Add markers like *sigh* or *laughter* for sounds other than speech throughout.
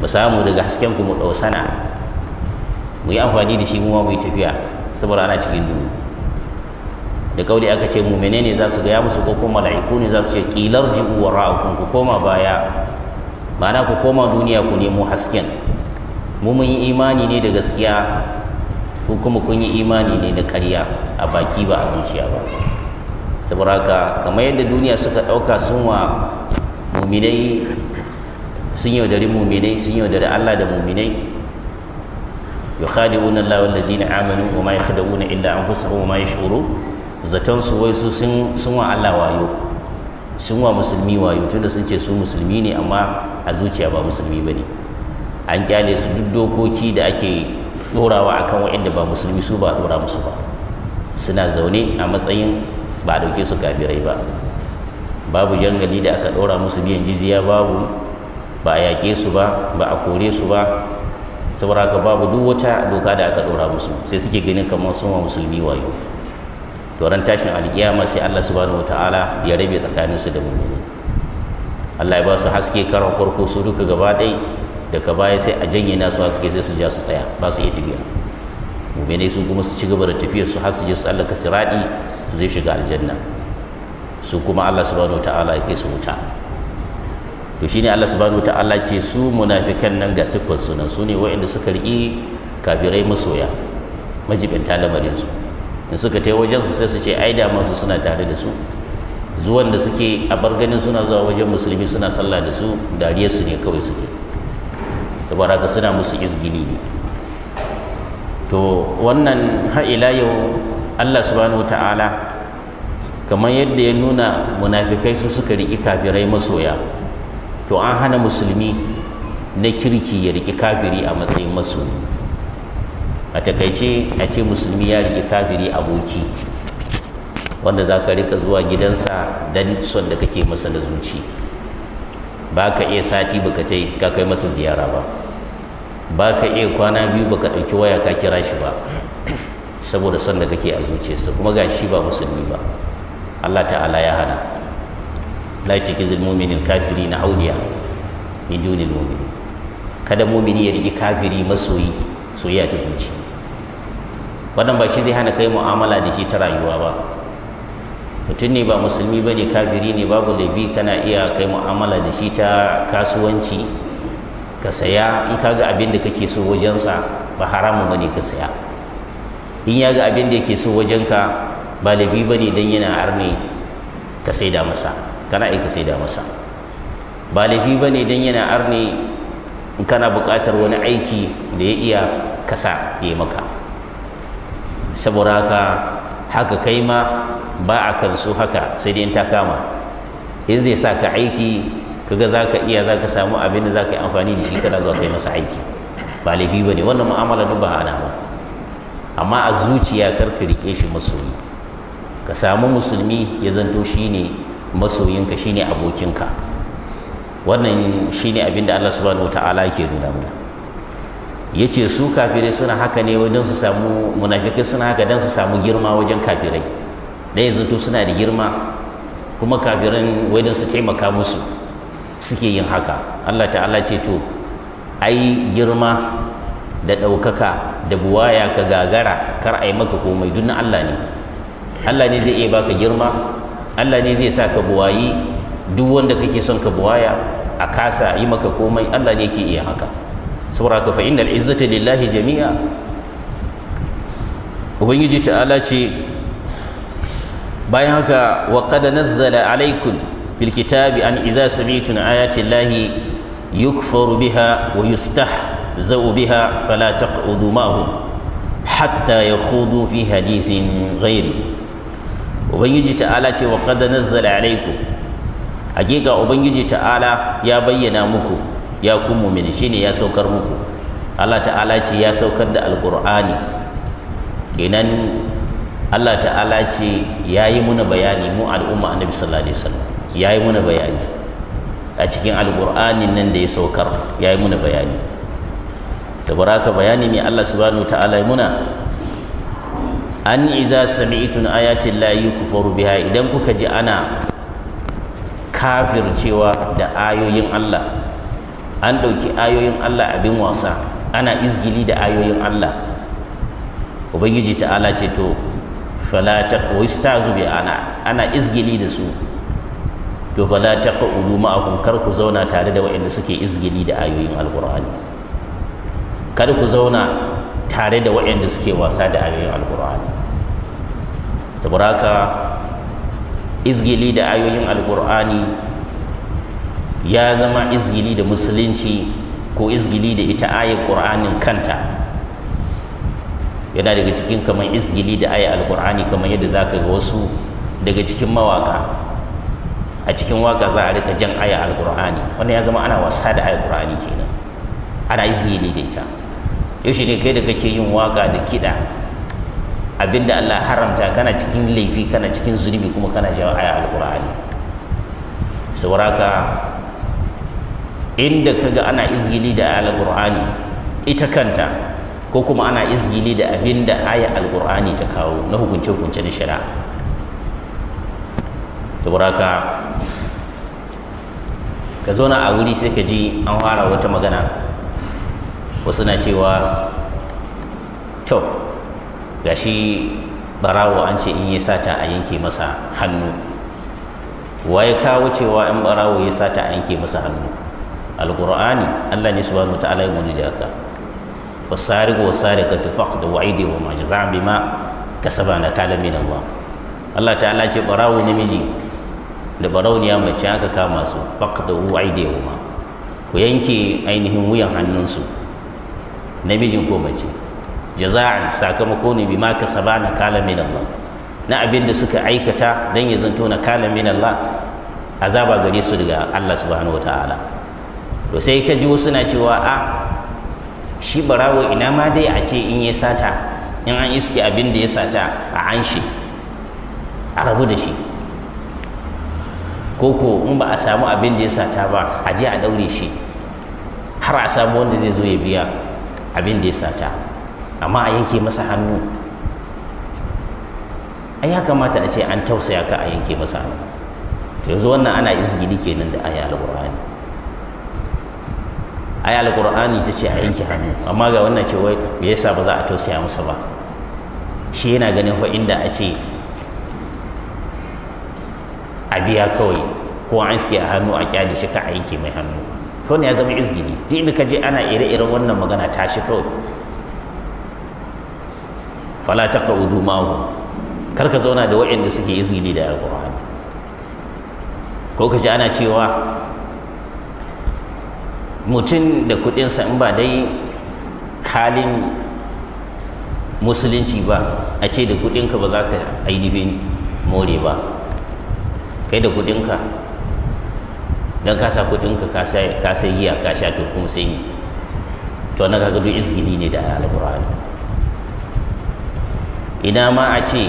mu samu daga hasken ku mu dausana mu yi amfani da shi mu ma mu tafiya saboda ana cikin duhu da kauli aka ce mu menene za su gaya musu ko kuma mala'iku ne za su ce kilar ji'u wa ra'akum ku koma baya ma'ana ku koma duniya ku nemo hasken mu mun yi imani ne da gaskiya ku kuma kun yi imani ne da ƙarya a baki ba a zuciya ba saboda haka kamar yadda duniya suka ɗauka sun wa muminai sun yaudari mu'minin sun yaudari Allah da mu'minin yukhadi'un Allah wallazina amanu wa ma yakhda'una illa anfusahum wa ma yash'urun zaton su wai su sun wa Allah wayo sun wa musulmi wayo tunda sun ce su musulmi ne amma a zuciya ba musulmi ne. an kyale su duk dokoki da ake dorawa akan waɗanda ba musulmi su ba ɗora musu ba suna zaune a matsayin ba a dauke su kafirai ba babu jangali da aka ɗora musu biyan jizya babu ba a yaƙe su ba ba a kore su ba saboda ka babu duk wata doka da aka ɗora musu sai suke ganin kamar sun musulmi wayo to ran tashin alƙiyama sai Allah subhanahu wataala ya rabe tsakanin su da mu'mini Allah ya ba su haske karon farko su duka gaba ɗai daga baya sai a janye na su haske sai su ja su tsaya ba su iya tafiya mu'minai su kuma su ci gaba da tafiyar su har su je su tsallaka siradi su zai shiga aljanna su kuma Allah subhanahu wataala ya kai su wuta to shine Allah subhanahu ta'ala ce su munafikan nan ga siffar sunan su ne waɗanda suka riƙi kafirai masoya majibinta lamarin su in suka tai wajen su sai su ce ai da masu suna tare da su zuwan da suke a barganin suna zuwa wajen musulmi suna sallah da su dariyar su ne kawai suke saboda haka suna musu izgili ne to wannan har ila yau Allah subhanahu ta'ala kamar yadda ya nuna munafikai su suka riƙi kafirai masoya to an hana musulmi na kirki ya riki kafiri a matsayin masu, a takaice a ce musulmi ya riki kafiri aboki wanda za ka riƙa zuwa gidansa don son da kake masa na zuci ba ka iya sati ba ka tai ka kai masa ziyara ba ba ka iya kwana biyu ba ka ɗauki waya ka kira shi ba saboda son da kake a zuciyarsa kuma ga shi ba musulmi ba allah ta'ala ya hana la yattakhidhu al-mu'minu kafiri kafirina awliya min duni al kada mu'mini ya riƙi kafiri masoyi soyayya ta zuci wannan ba shi zai hana kai mu'amala da shi ta rayuwa ba mutum ne ba musulmi ba ne kafiri ne babu laifi kana iya kai mu'amala da shi ta kasuwanci ka saya in ka ga abin da kake so wajensa ba haramun ba ne ka saya in ya ga abin da yake so wajenka ba laifi ba ne don yana arne ka saida masa kana aika sai da masa ba laifi ba ne don yana arne kana buƙatar wani aiki da ya iya kasa ya maka saboda haka haka kai ma ba a kan su haka sai dai in ta kama in zai sa ka aiki kaga za ka iya za ka samu abin da za ka yi amfani da shi kana zuwa kai masa aiki ba laifi ba ne wannan mu'amala duk ba ana ba amma a zuciya kar ka rike shi masoyi ka samu musulmi ya zanto shi ne masoyinka shine abokinka wannan shine abin da Allah subhanahu wataala yake nuna mana yace su kafirai suna haka ne wajen su samu munafikai suna haka dan su samu girma wajen kafirai da yanzu to suna da girma kuma kafiran wajen su taimaka musu suke yin haka Allah ta'ala ce to ai girma da ɗaukaka da buwaya ka gagara kar a yi maka komai duk na Allah ne Allah ne zai iya baka girma Allah ne zai sa ka buwayi duk wanda kake son ka buwaya a kasa yi maka komai Allah ne yake iya haka saboda ka fa innal izzata lillahi jami'a ubangiji ta'ala ce bayan haka wa qad nazzala alaykum fil kitabi an idza sami'tum ayati llahi yukfaru biha wa yustahzau biha fala taq'udu ma'hum hatta yakhudu fi hadithin ghairi ubangiji ta'ala ce wa qad nazzala alaikum hakika ubangiji ta'ala ya bayyana muku ya ku mu'mini shine ya saukar muku Allah ta'ala ce ya saukar da alqur'ani kenan Allah ta'ala ce ya yi muna bayani mu al'umma annabi sallallahu alaihi wasallam ya yi muna bayani a cikin alqur'ani nan da ya saukar ya yi muna bayani saboda haka bayani ne Allah subhanahu ta'ala muna an iza sami'tun ayatin la yukfaru biha idan kuka ji ana kafircewa da ayoyin Allah an ɗauki ayoyin Allah abin wasa ana izgili da ayoyin Allah ubangiji ta'ala ce to fala taqwa istazu bi ana ana izgili da su to fala taqudu ma'ahum kar ku zauna tare da waɗanda suke izgili da ayoyin alqur'ani kar ku zauna tare da waɗanda suke wasa da ayoyin alqur'ani saboda haka izgili da ayoyin alkur'ani ya zama izgili da musulunci ko izgili da ita ayar qur'anin kanta yana daga cikin kamar izgili da ayar alkur'ani kamar yadda za ka ga wasu daga cikin mawaka a cikin waka za a rika jan aya alkur'ani wannan ya zama ana wasa da aya alkur'ani kenan ana izgili da ita yaushe ne kai da kake yin waka da kiɗa abinda Allah haramta kana cikin laifi kana cikin zunubi kuma kana jawo aya alqur'ani sauraka inda kaga ana izgili da alqur'ani ita kanta ko kuma ana izgili da abinda aya alqur'ani ta kawo na hukunce hukunce na shari'a sauraka ka zauna a wuri sai ka ji an fara wata magana wasu na cewa to gashi barawo an ce in ya sata a yanke masa hannu waye kawo cewa in barawo ya sata a yanke masa hannu alqur'ani Allah ne subhanahu jaka ya muni da haka wasariqu wasariqatu faqdu wa'idi wa ma jazaa bima kasaba na kala min Allah Allah ta'ala ce barawo namiji da barauniya mace aka kama su faqdu wa'idi wa ku yanke ainihin wuyan hannunsu namijin ko mace jaza'an sakamako ne bima saba na kala min Allah na abin da suka aikata dan ya zanto na kala min Allah azaba gare su daga Allah subhanahu wataala to sai ka ji wasu na cewa a shi barawo ina ma dai a ce in ya sata in an iske abin da ya sata a an shi a rabu da shi koko in ba a samu abin da ya sata ba a je a daure shi har a samu wanda zai zo ya biya abin da ya sata amma a yanke masa hannu a ya kamata a ce an tausaya ka a yanke masa hannu to yanzu wannan ana izgili kenan da aya alqur'ani aya alqur'ani ta ce a yanke hannu amma ga wannan ce wai me yasa ba za a tausaya masa ba shi yana ganin fa inda a ce a biya kawai ko an iske a hannu a kyale shi ka a yanke mai hannu to ne ya zama izgili duk inda ka je ana ire-iren wannan magana ta shi kawai fala udu ma'ahu kar ka zauna da waɗanda suke izgili da alqur'ani ko ka ji ana cewa mutum da kuɗinsa in ba dai halin musulunci ba a ce da kuɗinka ba za ka ainihin more ba kai da kuɗinka don ka sa kuɗinka ka sai giya ka sha to kuma sai to na kaga duk izgili ne da alƙur'ani idan ma a ce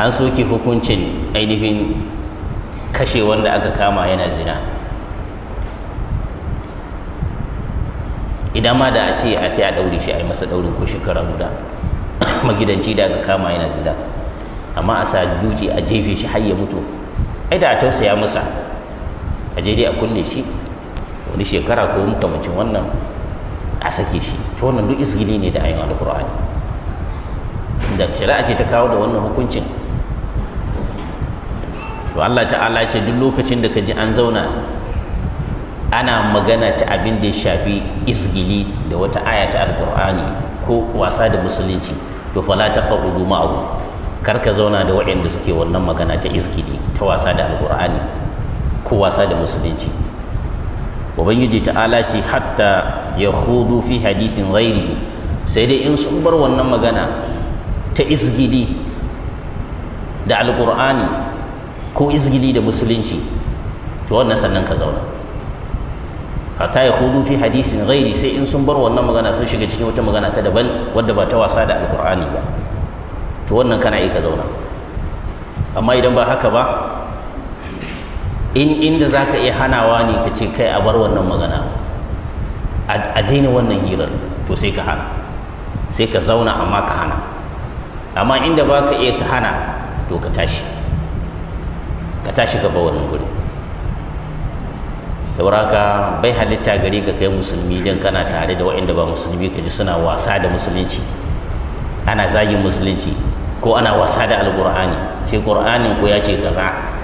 an soke hukuncin ainihin kashe wanda aka kama yana zina idan ma da a ce a ta ɗaure shi a yi masa ɗaurin ko shekara guda *coughs* magidanci da aka kama yana zina amma a sa duci a jefe shi har ya mutu ai da a tausaya masa a je dai a kulle shi wani shekara ko makamancin wannan a sake shi to wannan duk izgili ne da na alkur'ani da shari'a ce ta kawo da wannan hukuncin to Allah ta'ala ce duk lokacin da ka ji an zauna ana magana ta abin da ya shafi isgili da wata aya ta alƙur'ani ko wasa da musulunci to fala taqudu ma'ahu kar ka zauna da waɗanda suke wannan magana ta isgili ta wasa da alƙur'ani ko wasa da musulunci ubangiji ta'ala ce hatta ya hudu fi hadisin ghairi sai dai in sun bar wannan magana ta izgidi da alkur'ani ko izgidi da musulunci to wannan sannan ka zauna hatta ya hudu fi hadisin ghairi sai in sun bar wannan magana sun shiga cikin wata magana ta daban wadda ba ta wasa da alkur'ani ba to wannan kana yi ka zauna amma idan ba haka ba in inda za ka iya hanawa ne ka ce kai a bar wannan magana a daina wannan hirar to sai ka hana sai ka zauna amma ka hana amma inda ba ka iya ka hana to ka tashi ka tashi ka ba guri sauraka bai halitta gari ka kai musulmi don kana tare da waɗanda ba musulmi ka ji suna wasa da musulunci ana zagin musulunci ko ana wasa da alkur'ani shi ƙur'anin ko ya ce kaza